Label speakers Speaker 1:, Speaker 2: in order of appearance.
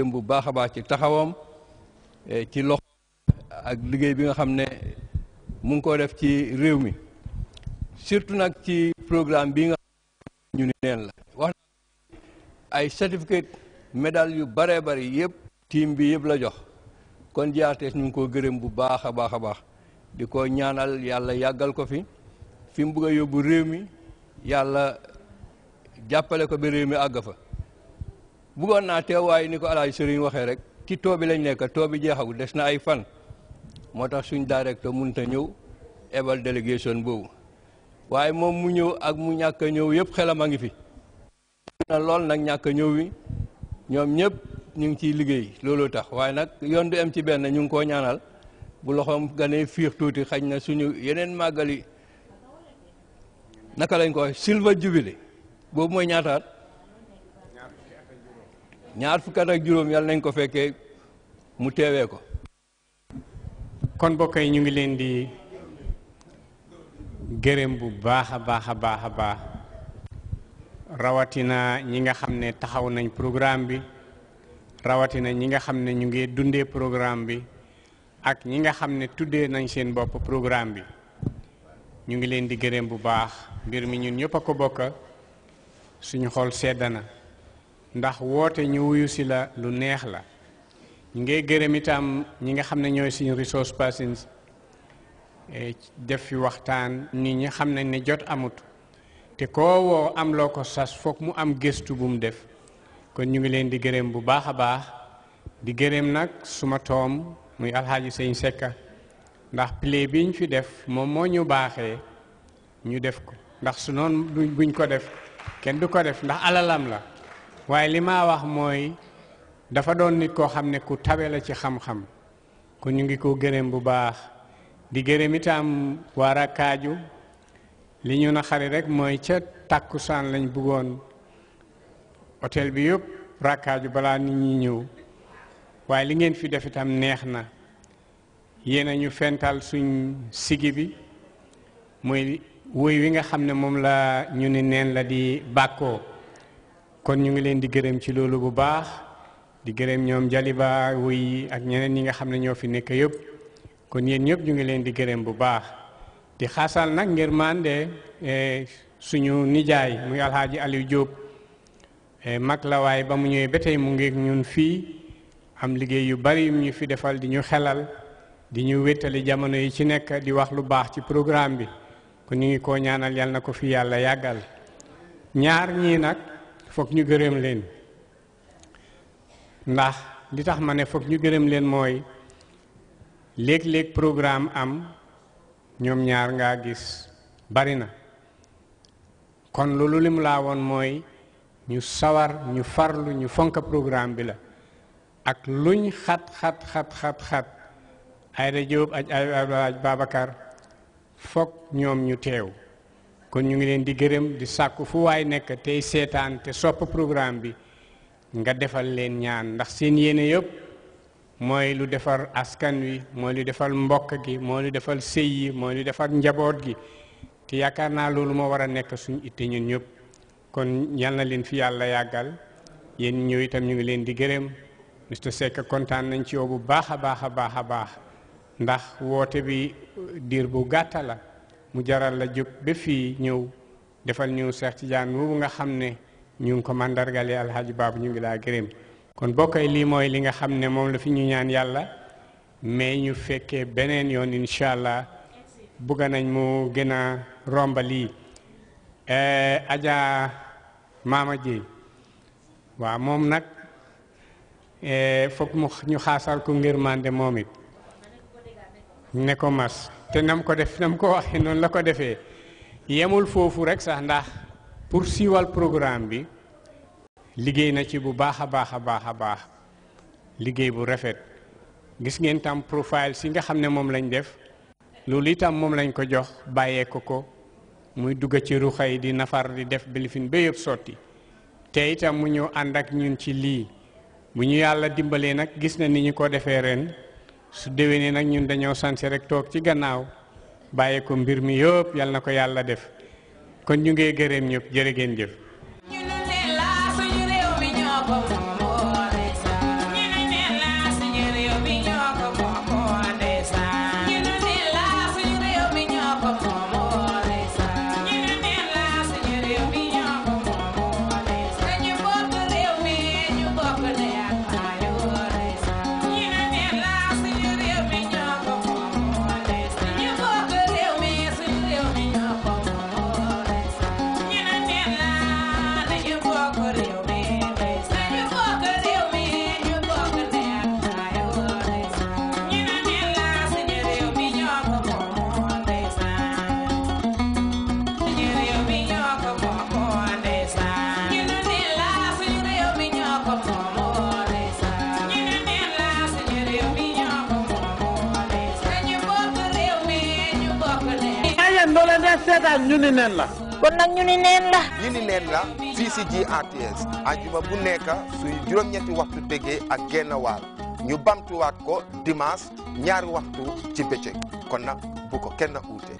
Speaker 1: bu baax a baax ci taxawam eh, ci loxo ak liggéey bi nga xam ne mu ngi ko def ci réew mi surtout nag ci programme bi nga xam ñu ni neen la wax ay certificat médaille yu baree bari yëpp team bi yëpp la jox kon jaartees ñu ngi ko gërëm bu baax a baax a baax di ko ñaanal yàlla yàggal ko fi fi mu bëgg a yóbbu réew mi yàlla jàppale ko ba réew mi àgg fa bëggoon naa teew waaye ni ko Alaaji Sëriñ waxee rek ki too bi lañ nekk too bi jeexagul des na ay fan moo tax suñ directeur mënut a ñëw ebal délégation boobu waaye moom mu ñëw ak mu ñàkk a ñëw yëpp xelam a ngi fi. loolu nag ñàkk a ñëw wi ñoom ñëpp ñu ngi ciy liggéey looloo tax waaye nag yoon du am ci benn ñu ngi koo ñaanal bu loxoom ganee fiix tuuti xañ na suñu yeneen màggali naka lañ ko Silver Jubilee boobu mooy ñaataat. ñaar fukkat ak juróom
Speaker 2: yàlla nañ ko fekkee mu teewee ko kon mbokk yi ñu ngi leen di gërëm bu baax a baax a baax a baax rawatina ñi nga xam ne taxaw nañ programme bi rawatina ñi nga xam ne ñu ngi dundee programme bi ak ñi nga xam ne tuddee nañ seen bopp programme bi ñu ngi leen di gërëm bu baax ngir mi ñun ñëpp a ko bokk suñu xool sedd na ndax woote ñu wuyu si la lu neex la ñu ngay gërëm itam ñi nga xam ne ñooy suñu resource persons eh, def fi waxtaan ni ñi xam nañ ne jot amut te koo woo am loo ko sas foog mu am gëstu bu mu def kon ñu ngi leen di gërëm bu baax a baax di gërëm nag suma toom muy alxaaji sëñ Sekka ndax play bi ñu fi def moom moo ñu baaxee ñu def ko ndax su noonu buñ ko def kenn du ko def ndax alalam la waaye li ma wax mooy dafa doon nit koo xam ne ku tabe la ci xam-xam ku ñu ngi ko gërëm bu baax di gërëm itam waa Rakkaaju li ñu xari rek mooy ca tàkku tàkkusaan lañ bëggoon hôtel bi yëpp Rakkaaju balaa nit ñi ñëw waaye li ngeen fi def itam neex na yéen a ñu fental suñ sigi bi muy woy wi nga xam ne moom la ñu ni neen la di bàkkoo kon ñu ngi leen di gërëm ci loolu bu baax di gërëm ñoom Jaliba wuy ak ñeneen ñi nga xam ne ñoo fi nekk yëpp kon yéen ñëpp ñu ngi leen di gërëm bu baax di xasal nag ngir mande eh, suñu nijaay muy alxaaji Aliou Diop eh, mag la waaye ba mu ñëwee ba tey mu ngi ñun fii am liggéey yu bari yu ñu fi defal di ñu xelal di ñu wéttali jamono yi ci nekk di wax lu baax ci programme bi kon ñu ngi koo ñaanal yal na ko fi yàlla yàggal ñaar ñii nag. foog ñu gërëm leen ndax li tax ma ne foog ñu gërëm leen mooy léeg-léeg programme am ñoom ñaar ngaa gis bari na kon loolu lim laa woon mooy ñu sawar ñu farlu ñu fonk programme bi la ak luñ xat xat xat xat xat Aïda Diop ak ay Babacar foog ñoom ñu teew kon ñu ngi leen di gërëm di sàkku fu waay nekk tey seetaan te sopp programme bi nga defal leen ñaan ndax seen yéene yëpp mooy lu defar askan wi mooy lu defal mbokk gi mooy lu defal sëy yi mooy lu defar njaboot gi te yaakaar naa loolu moo war a nekk suñu itte ñun ñëpp kon yal na leen fi yàlla yàggal yéen ñëw itam ñu ngi leen di gërëm Mister Seck kontaan nañ ci yow bu baax a baax a baax a baax ndax woote bi diir bu gàtta la mu jaral la jóg ba fii ñëw defal ñu Seex Tijaan boobu nga xam ne ñu ngi ko mandargale alxaaji baabu ñu ngi laa gërëm kon bokkay lii mooy li nga xam ne moom la fi ñu ñaan yàlla mais ñu fekkee beneen yoon incha allah bugga nañ mu gën a romba lii maam a Jéy waaw moom nag eh, foog mu ñu xaasal ko ngir mànde moom ne ko mas te nam ko def nam ko waxee noonu la ko defee yemul foofu rek sax ndax pour siiwal programme bi liggéey na ci bu baax a baax a baax a baax liggéey bu rafet gis ngeen tam profil si nga xam ne moom lañ def loolu itam moom lañ ko jox bàyyee ko ko muy dugg ci ruxa yi di nafar di def bilifin ba yëpp sotti te itam mu ñëw ànd ak ñun ci lii bu ñu yàlla dimbalee nag gis na ni ñu ko defee ren su dewee déwénee nag ñun dañoo sanse rekk toog ci gannaaw bàyyi ko mbir mi yëpp yal na ko yàlla def kon ñu ngee gërëm ñëpp jërë ngeen jëf seetaan ñu ni neen la kon nag ñu ni neen fii si GRTS ajuma bu nekk suy juróom-ñetti waxtu tegee ak genn waal ñu bamtuwaat ko dimaas ñaari waxtu ci bëccëg kon nag
Speaker 1: bu kenn uute